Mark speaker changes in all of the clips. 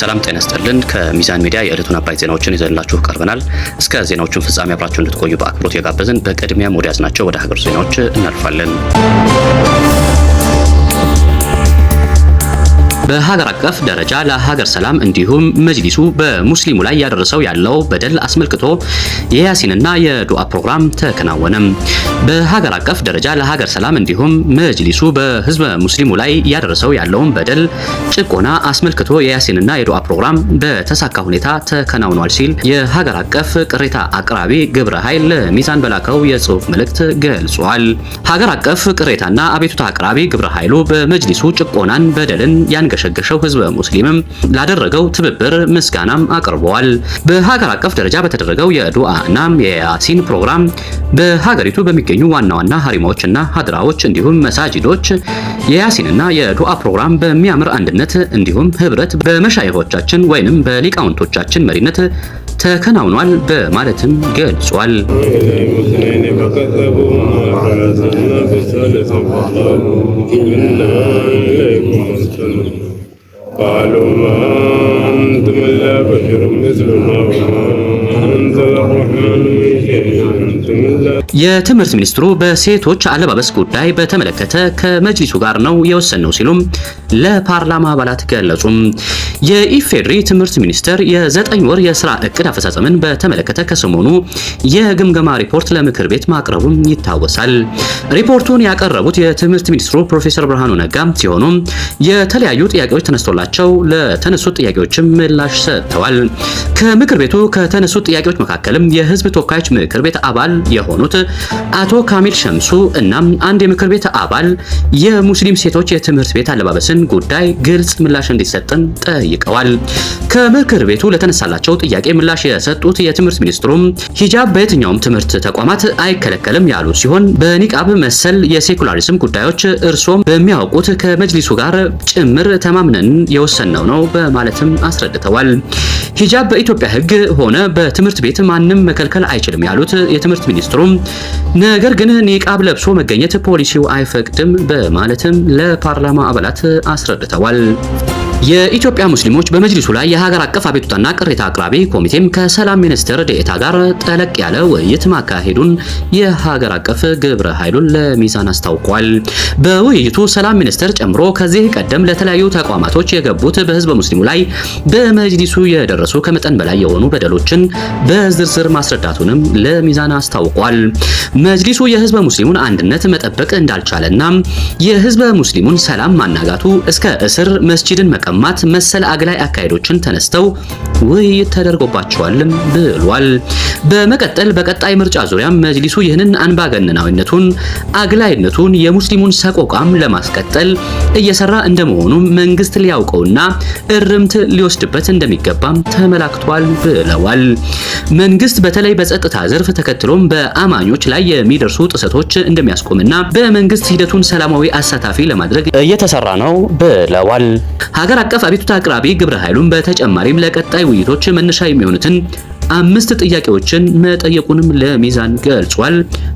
Speaker 1: ሰላም ጤና ይስጥልን። ከሚዛን ሚዲያ የዕለቱን አባይ ዜናዎችን ይዘንላችሁ ቀርበናል። እስከ ዜናዎቹን ፍጻሜ አብራችሁ እንድትቆዩ በአክብሮት የጋበዝን። በቅድሚያ ወደ ያዝናቸው ወደ ሀገር ዜናዎች እናልፋለን። በሀገር አቀፍ ደረጃ ለሀገር ሰላም እንዲሁም መጅሊሱ በሙስሊሙ ላይ ያደረሰው ያለው በደል አስመልክቶ የያሲንና የዱዓ ፕሮግራም ተከናወነም። በሀገር አቀፍ ደረጃ ለሀገር ሰላም እንዲሁም መጅሊሱ በህዝበ ሙስሊሙ ላይ እያደረሰው ያለውን በደል፣ ጭቆና አስመልክቶ የያሲንና የዱዓ ፕሮግራም በተሳካ ሁኔታ ተከናውኗል ሲል የሀገር አቀፍ ቅሬታ አቅራቢ ግብረ ኃይል ለሚዛን በላከው የጽሁፍ መልእክት ገልጿል። ሀገር አቀፍ ቅሬታና አቤቱታ አቅራቢ ግብረ ኃይሉ በመጅሊሱ ጭቆናን፣ በደልን ያንገሸገሸው ህዝበ ሙስሊምም ላደረገው ትብብር ምስጋናም አቅርበዋል። በሀገር አቀፍ ደረጃ በተደረገው የዱዓ እናም የያሲን ፕሮግራም በሀገሪቱ በሚገ የሚገኙ ዋና ዋና ሀሪማዎችና ሀድራዎች እንዲሁም መሳጅዶች የያሲንና የዱዓ ፕሮግራም በሚያምር አንድነት እንዲሁም ህብረት በመሻይሆቻችን ወይንም በሊቃውንቶቻችን መሪነት ተከናውኗል በማለትም ገልጿል። የትምህርት ሚኒስትሩ በሴቶች አለባበስ ጉዳይ በተመለከተ ከመጅሊሱ ጋር ነው የወሰነው ሲሉም ለፓርላማ አባላት ገለጹም። የኢፌዴሪ ትምህርት ሚኒስቴር የዘጠኝ ወር የስራ እቅድ አፈጻጸምን በተመለከተ ከሰሞኑ የግምገማ ሪፖርት ለምክር ቤት ማቅረቡም ይታወሳል። ሪፖርቱን ያቀረቡት የትምህርት ሚኒስትሩ ፕሮፌሰር ብርሃኑ ነጋ ሲሆኑ የተለያዩ ጥያቄዎች ተነስቶላቸዋል። በመቀጠላቸው ለተነሱ ጥያቄዎችም ምላሽ ሰጥተዋል። ከምክር ቤቱ ከተነሱ ጥያቄዎች መካከልም የህዝብ ተወካዮች ምክር ቤት አባል የሆኑት አቶ ካሚል ሸምሱ እናም አንድ የምክር ቤት አባል የሙስሊም ሴቶች የትምህርት ቤት አለባበስን ጉዳይ ግልጽ ምላሽ እንዲሰጥን ጠይቀዋል። ከምክር ቤቱ ለተነሳላቸው ጥያቄ ምላሽ የሰጡት የትምህርት ሚኒስትሩም ሂጃብ በየትኛውም ትምህርት ተቋማት አይከለከልም ያሉ ሲሆን በኒቃብ መሰል የሴኩላሪዝም ጉዳዮች እርሶም በሚያውቁት ከመጅሊሱ ጋር ጭምር ተማምነን የወሰነው ነው በማለትም አስረድተዋል። ሂጃብ በኢትዮጵያ ህግ ሆነ በትምህርት ቤት ማንም መከልከል አይችልም ያሉት የትምህርት ሚኒስትሩም ነገር ግን ኒቃብ ለብሶ መገኘት ፖሊሲው አይፈቅድም በማለትም ለፓርላማ አባላት አስረድተዋል። የኢትዮጵያ ሙስሊሞች በመጅሊሱ ላይ የሀገር አቀፍ አቤቱታና ቅሬታ አቅራቢ ኮሚቴም ከሰላም ሚኒስትር ዴኤታ ጋር ጠለቅ ያለ ውይይት ማካሄዱን የሀገር አቀፍ ግብረ ኃይሉን ለሚዛን አስታውቋል። በውይይቱ ሰላም ሚኒስትር ጨምሮ ከዚህ ቀደም ለተለያዩ ተቋማቶች የገቡት በህዝበ ሙስሊሙ ላይ በመጅሊሱ የደረሱ ከመጠን በላይ የሆኑ በደሎችን በዝርዝር ማስረዳቱንም ለሚዛን አስታውቋል። መጅሊሱ የህዝበ ሙስሊሙን አንድነት መጠበቅ እንዳልቻለና የህዝበ ሙስሊሙን ሰላም ማናጋቱ እስከ እስር መስጂድን መቀ በማስቀማት መሰል አግላይ አካሄዶችን ተነስተው ውይይት ተደርጎባቸዋልም ብሏል። በመቀጠል በቀጣይ ምርጫ ዙሪያ መጅሊሱ ይህንን አንባገነናዊነቱን፣ አግላይነቱን፣ የሙስሊሙን ሰቆቃም ለማስቀጠል እየሰራ እንደመሆኑ መንግስት ሊያውቀውና እርምት ሊወስድበት እንደሚገባም ተመላክቷል ብለዋል። መንግስት በተለይ በጸጥታ ዘርፍ ተከትሎም በአማኞች ላይ የሚደርሱ ጥሰቶች እንደሚያስቆምና በመንግስት ሂደቱን ሰላማዊ አሳታፊ ለማድረግ እየተሰራ ነው ብለዋል። አቀፍ አቤቱታ አቅራቢ ግብረ ኃይሉን በተጨማሪም ለቀጣይ ውይይቶች መነሻ የሚሆኑትን አምስት ጥያቄዎችን መጠየቁንም ለሚዛን ገልጿል።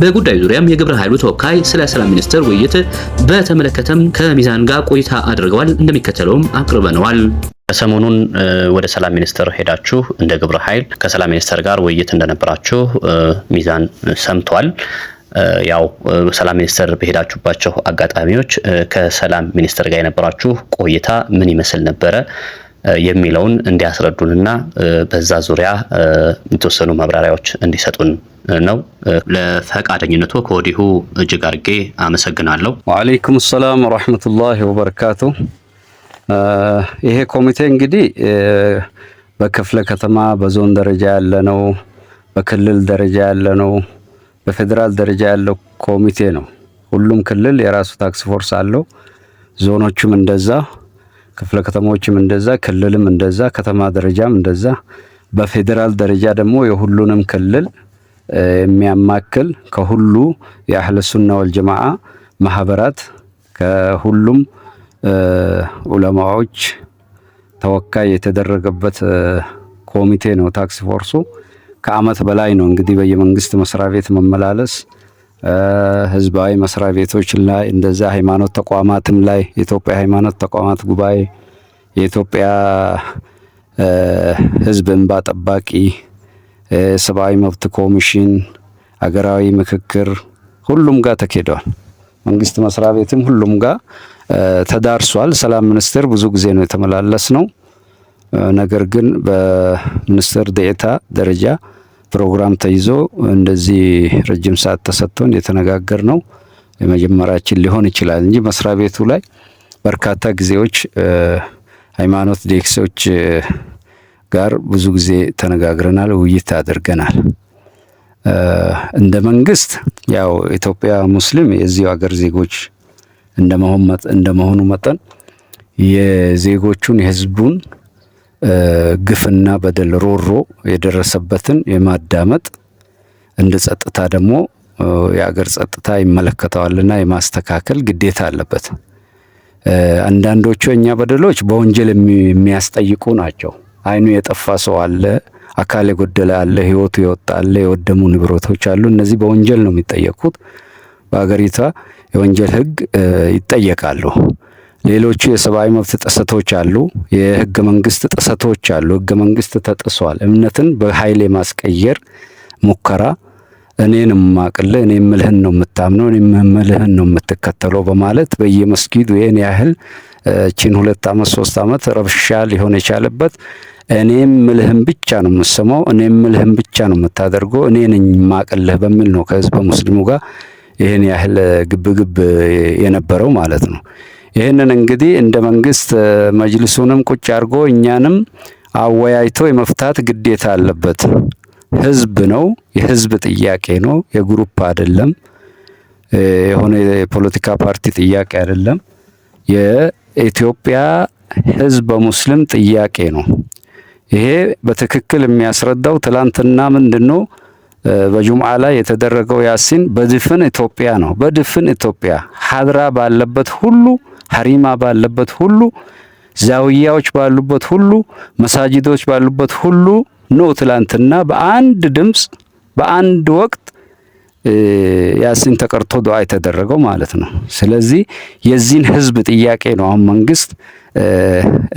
Speaker 1: በጉዳዩ ዙሪያም የግብረ ኃይሉ ተወካይ ስለ ሰላም ሚኒስቴር ውይይት በተመለከተም ከሚዛን ጋር ቆይታ አድርገዋል። እንደሚከተለውም አቅርበነዋል።
Speaker 2: ሰሞኑን ወደ ሰላም ሚኒስቴር ሄዳችሁ እንደ ግብረ ኃይል ከሰላም ሚኒስቴር ጋር ውይይት እንደነበራችሁ ሚዛን ሰምቷል። ያው ሰላም ሚኒስቴር በሄዳችሁባቸው አጋጣሚዎች ከሰላም ሚኒስቴር ጋር የነበራችሁ ቆይታ ምን ይመስል ነበረ የሚለውን እንዲያስረዱንና በዛ ዙሪያ የተወሰኑ ማብራሪያዎች እንዲሰጡን ነው።
Speaker 1: ለፈቃደኝነቱ ከወዲሁ እጅግ አድርጌ አመሰግናለሁ።
Speaker 3: ዋአለይኩም ሰላም ወራህመቱላሂ ወበረካቱ። ይሄ ኮሚቴ እንግዲህ በክፍለ ከተማ በዞን ደረጃ ያለ ነው፣ በክልል ደረጃ ያለ ነው በፌዴራል ደረጃ ያለው ኮሚቴ ነው። ሁሉም ክልል የራሱ ታክስ ፎርስ አለው። ዞኖቹም እንደዛ፣ ክፍለ ከተሞችም እንደዛ፣ ክልልም እንደዛ፣ ከተማ ደረጃም እንደዛ። በፌዴራል ደረጃ ደግሞ የሁሉንም ክልል የሚያማክል ከሁሉ የአህለ ሱና ወልጀማዓ ማህበራት ከሁሉም ዑለማዎች ተወካይ የተደረገበት ኮሚቴ ነው ታክስ ፎርሱ። ከአመት በላይ ነው እንግዲህ በየመንግስት መስሪያ ቤት መመላለስ ህዝባዊ መስሪያ ቤቶች ላይ እንደዛ ሃይማኖት ተቋማትም ላይ የኢትዮጵያ ሃይማኖት ተቋማት ጉባኤ፣ የኢትዮጵያ ህዝብ እንባ ጠባቂ፣ ሰብአዊ መብት ኮሚሽን፣ አገራዊ ምክክር ሁሉም ጋር ተኬደዋል። መንግስት መስሪያ ቤትም ሁሉም ጋር ተዳርሷል። ሰላም ሚኒስቴር ብዙ ጊዜ ነው የተመላለስ ነው። ነገር ግን በሚኒስትር ዴኤታ ደረጃ ፕሮግራም ተይዞ እንደዚህ ረጅም ሰዓት ተሰጥቶን የተነጋገር ነው የመጀመሪያችን ሊሆን ይችላል እንጂ መስሪያ ቤቱ ላይ በርካታ ጊዜዎች ሃይማኖት ዴክሶች ጋር ብዙ ጊዜ ተነጋግረናል፣ ውይይት አድርገናል። እንደ መንግስት ያው ኢትዮጵያ ሙስሊም የዚሁ ሀገር ዜጎች እንደመሆኑ መጠን የዜጎቹን የህዝቡን ግፍና በደል ሮሮ የደረሰበትን የማዳመጥ እንደ ጸጥታ ደግሞ የአገር ጸጥታ ይመለከተዋልና የማስተካከል ግዴታ አለበት። አንዳንዶቹ የእኛ በደሎች በወንጀል የሚያስጠይቁ ናቸው። አይኑ የጠፋ ሰው አለ፣ አካል የጎደለ አለ፣ ህይወቱ የወጣ አለ፣ የወደሙ ንብረቶች አሉ። እነዚህ በወንጀል ነው የሚጠየቁት። በአገሪቷ የወንጀል ህግ ይጠየቃሉ። ሌሎቹ የሰብአዊ መብት ጥሰቶች አሉ፣ የህገ መንግስት ጥሰቶች አሉ። ህገ መንግስት ተጥሷል። እምነትን በኃይል የማስቀየር ሙከራ እኔን ማቅልህ እኔ ምልህን ነው የምታምነው እኔ ምልህን ነው የምትከተለው በማለት በየመስጊዱ ይህን ያህል ቺን ሁለት ዓመት ሶስት ዓመት ረብሻ ሊሆን የቻለበት እኔም ምልህን ብቻ ነው የምሰማው እኔም ምልህን ብቻ ነው የምታደርገው እኔ ነኝ ማቅልህ በሚል ነው ከህዝበ ሙስሊሙ ጋር ይህን ያህል ግብግብ የነበረው ማለት ነው። ይህንን እንግዲህ እንደ መንግስት መጅልሱንም ቁጭ አድርጎ እኛንም አወያይቶ የመፍታት ግዴታ አለበት። ህዝብ ነው፣ የህዝብ ጥያቄ ነው፣ የግሩፕ አይደለም፣ የሆነ የፖለቲካ ፓርቲ ጥያቄ አይደለም። የኢትዮጵያ ህዝብ በሙስሊም ጥያቄ ነው። ይሄ በትክክል የሚያስረዳው ትላንትና ምንድን ነው በጁምዓ ላይ የተደረገው ያሲን በድፍን ኢትዮጵያ ነው። በድፍን ኢትዮጵያ ሀድራ ባለበት ሁሉ ሀሪማ ባለበት ሁሉ ዛውያዎች ባሉበት ሁሉ መሳጅዶች ባሉበት ሁሉ ነው። ትላንትና በአንድ ድምፅ በአንድ ወቅት ያሲን ተቀርቶ ዱዓ የተደረገው ማለት ነው። ስለዚህ የዚህን ህዝብ ጥያቄ ነው አሁን መንግስት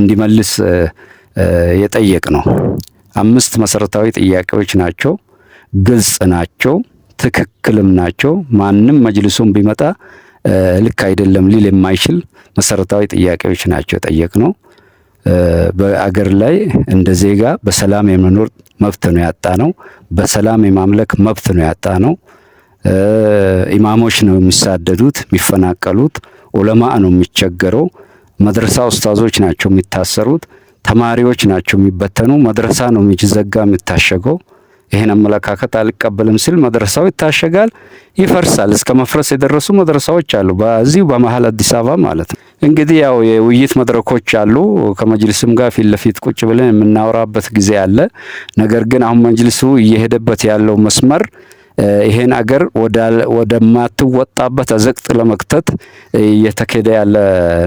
Speaker 3: እንዲመልስ የጠየቅ ነው። አምስት መሰረታዊ ጥያቄዎች ናቸው። ግልጽ ናቸው፣ ትክክልም ናቸው። ማንም መጅልሱም ቢመጣ ልክ አይደለም ሊል የማይችል መሰረታዊ ጥያቄዎች ናቸው የጠየቅነው። በአገር ላይ እንደ ዜጋ በሰላም የመኖር መብት ነው ያጣ ነው። በሰላም የማምለክ መብት ነው ያጣ ነው። ኢማሞች ነው የሚሳደዱት፣ የሚፈናቀሉት። ዑለማ ነው የሚቸገረው። መድረሳ ኡስታዞች ናቸው የሚታሰሩት። ተማሪዎች ናቸው የሚበተኑ። መድረሳ ነው የሚዘጋ የሚታሸገው። ይህን አመለካከት አልቀበልም ሲል መድረሳው ይታሸጋል፣ ይፈርሳል። እስከ መፍረስ የደረሱ መድረሳዎች አሉ፣ በዚሁ በመሀል አዲስ አበባ ማለት ነው። እንግዲህ ያው የውይይት መድረኮች አሉ፣ ከመጅልስም ጋር ፊት ለፊት ቁጭ ብለን የምናወራበት ጊዜ አለ። ነገር ግን አሁን መጅልሱ እየሄደበት ያለው መስመር ይሄን አገር ወደማትወጣበት አዘቅጥ ለመክተት እየተካሄደ ያለ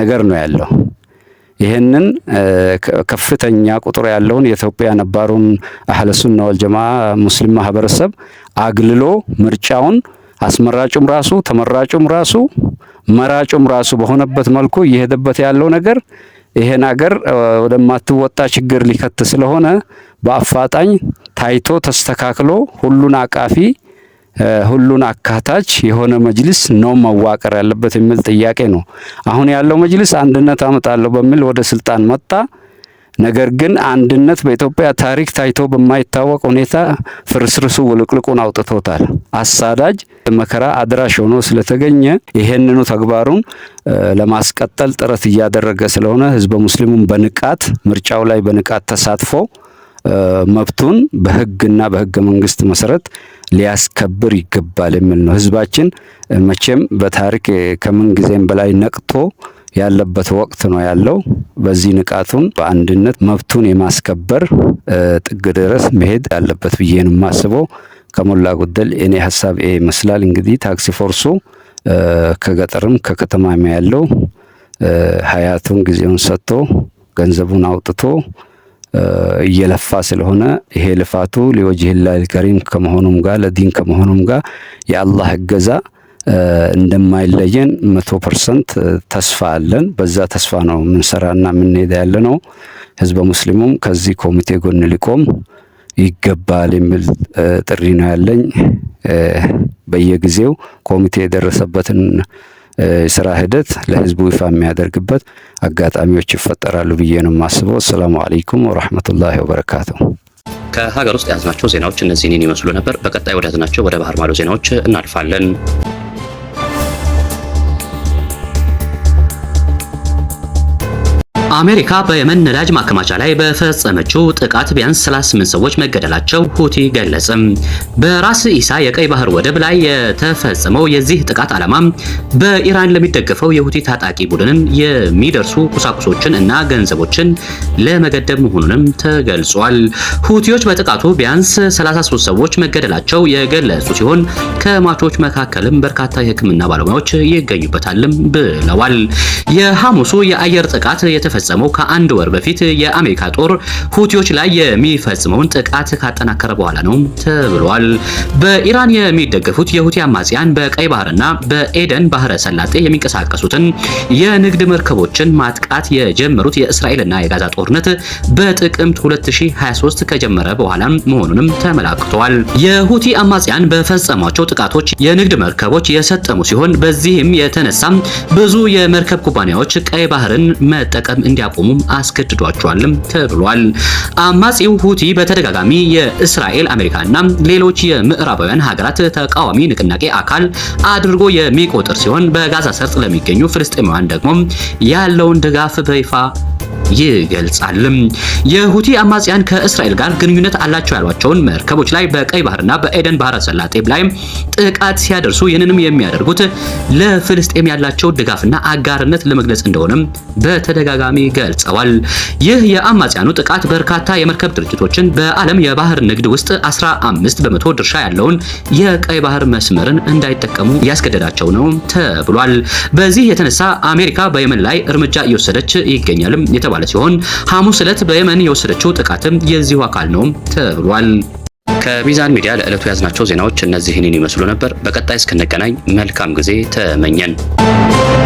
Speaker 3: ነገር ነው ያለው። ይህንን ከፍተኛ ቁጥር ያለውን የኢትዮጵያ ነባሩን አህለሱና ወልጀማ ሙስሊም ማህበረሰብ አግልሎ ምርጫውን አስመራጩም ራሱ ተመራጩም ራሱ መራጩም ራሱ በሆነበት መልኩ እየሄደበት ያለው ነገር ይሄን አገር ወደማትወጣ ችግር ሊከት ስለሆነ በአፋጣኝ ታይቶ ተስተካክሎ ሁሉን አቃፊ ሁሉን አካታች የሆነ መጅልስ ነው መዋቀር ያለበት የሚል ጥያቄ ነው። አሁን ያለው መጅልስ አንድነት አመጣለሁ በሚል ወደ ስልጣን መጣ። ነገር ግን አንድነት በኢትዮጵያ ታሪክ ታይቶ በማይታወቅ ሁኔታ ፍርስርሱ ውልቅልቁን አውጥቶታል። አሳዳጅ መከራ አድራሽ ሆኖ ስለተገኘ ይሄንኑ ተግባሩን ለማስቀጠል ጥረት እያደረገ ስለሆነ ህዝበ ሙስሊሙን በንቃት ምርጫው ላይ በንቃት ተሳትፎ መብቱን በህግና በህገ መንግስት መሰረት ሊያስከብር ይገባል የሚል ነው። ህዝባችን መቼም በታሪክ ከምን ጊዜም በላይ ነቅቶ ያለበት ወቅት ነው ያለው። በዚህ ንቃቱን በአንድነት መብቱን የማስከበር ጥግ ድረስ መሄድ ያለበት ብዬ ነው የማስበው። ከሞላ ጎደል እኔ ሀሳብ ይሄ ይመስላል። እንግዲህ ታክሲ ፎርሱ ከገጠርም ከከተማም ያለው ሀያቱን ጊዜውን ሰጥቶ ገንዘቡን አውጥቶ እየለፋ ስለሆነ ይሄ ልፋቱ ሊወጅህላ ልከሪም ከመሆኑም ጋር ለዲን ከመሆኑም ጋር የአላህ እገዛ እንደማይለየን መቶ ፐርሰንት ተስፋ አለን። በዛ ተስፋ ነው የምንሰራና የምንሄዳ ያለ ነው። ህዝበ ሙስሊሙም ከዚህ ኮሚቴ ጎን ሊቆም ይገባል የሚል ጥሪ ነው ያለኝ። በየጊዜው ኮሚቴ የደረሰበትን የስራ ሂደት ለህዝቡ ይፋ የሚያደርግበት አጋጣሚዎች ይፈጠራሉ ብዬ ነው የማስበው። አሰላሙ አለይኩም ወረህመቱላሂ ወበረካቱ
Speaker 1: ከሀገር ውስጥ የያዝናቸው ዜናዎች እነዚህን ይመስሉ ነበር። በቀጣይ ወደ ያዝናቸው ወደ ባህር ማዶ ዜናዎች እናልፋለን። አሜሪካ በየመን ነዳጅ ማከማቻ ላይ በፈጸመችው ጥቃት ቢያንስ 38 ሰዎች መገደላቸው ሁቲ ገለጽም። በራስ ኢሳ የቀይ ባህር ወደብ ላይ የተፈጸመው የዚህ ጥቃት ዓላማ በኢራን ለሚደገፈው የሁቲ ታጣቂ ቡድንም የሚደርሱ ቁሳቁሶችን እና ገንዘቦችን ለመገደብ መሆኑንም ተገልጿል። ሁቲዎች በጥቃቱ ቢያንስ 33 ሰዎች መገደላቸው የገለጹ ሲሆን ከሟቾች መካከልም በርካታ የሕክምና ባለሙያዎች ይገኙበታልም ብለዋል። የሐሙሱ የአየር ጥቃት የተፈ የተፈጸመው ከአንድ ወር በፊት የአሜሪካ ጦር ሁቲዎች ላይ የሚፈጽመውን ጥቃት ካጠናከረ በኋላ ነው ተብሏል። በኢራን የሚደገፉት የሁቲ አማጽያን በቀይ ባህርና በኤደን ባህረ ሰላጤ የሚንቀሳቀሱትን የንግድ መርከቦችን ማጥቃት የጀመሩት የእስራኤልና የጋዛ ጦርነት በጥቅምት 2023 ከጀመረ በኋላ መሆኑንም ተመላክቷል። የሁቲ አማጽያን በፈጸሟቸው ጥቃቶች የንግድ መርከቦች የሰጠሙ ሲሆን በዚህም የተነሳም ብዙ የመርከብ ኩባንያዎች ቀይ ባህርን መጠቀም እንዲያቆሙም አስገድዷቸዋልም ተብሏል። አማጺው ሁቲ በተደጋጋሚ የእስራኤል አሜሪካና ሌሎች የምዕራባውያን ሀገራት ተቃዋሚ ንቅናቄ አካል አድርጎ የሚቆጥር ሲሆን በጋዛ ሰርጥ ለሚገኙ ፍልስጤማውያን ደግሞ ያለውን ድጋፍ በይፋ ይገልጻል። የሁቲ አማጽያን ከእስራኤል ጋር ግንኙነት አላቸው ያሏቸውን መርከቦች ላይ በቀይ ባህርና በኤደን ባህረ ሰላጤ ላይ ጥቃት ሲያደርሱ ይህንንም የሚያደርጉት ለፍልስጤም ያላቸው ድጋፍና አጋርነት ለመግለጽ እንደሆነም በተደጋጋሚ ገልጸዋል። ይህ የአማጽያኑ ጥቃት በርካታ የመርከብ ድርጅቶችን በዓለም የባህር ንግድ ውስጥ 15 በመቶ ድርሻ ያለውን የቀይ ባህር መስመርን እንዳይጠቀሙ ያስገደዳቸው ነው ተብሏል። በዚህ የተነሳ አሜሪካ በየመን ላይ እርምጃ እየወሰደች ይገኛልም። የተባለ ሲሆን ሐሙስ ዕለት በየመን የወሰደችው ጥቃትም የዚሁ አካል ነውም ተብሏል። ከሚዛን ሚዲያ ለዕለቱ ያዝናቸው ዜናዎች እነዚህን ይመስሉ ነበር። በቀጣይ እስክንገናኝ መልካም ጊዜ ተመኘን።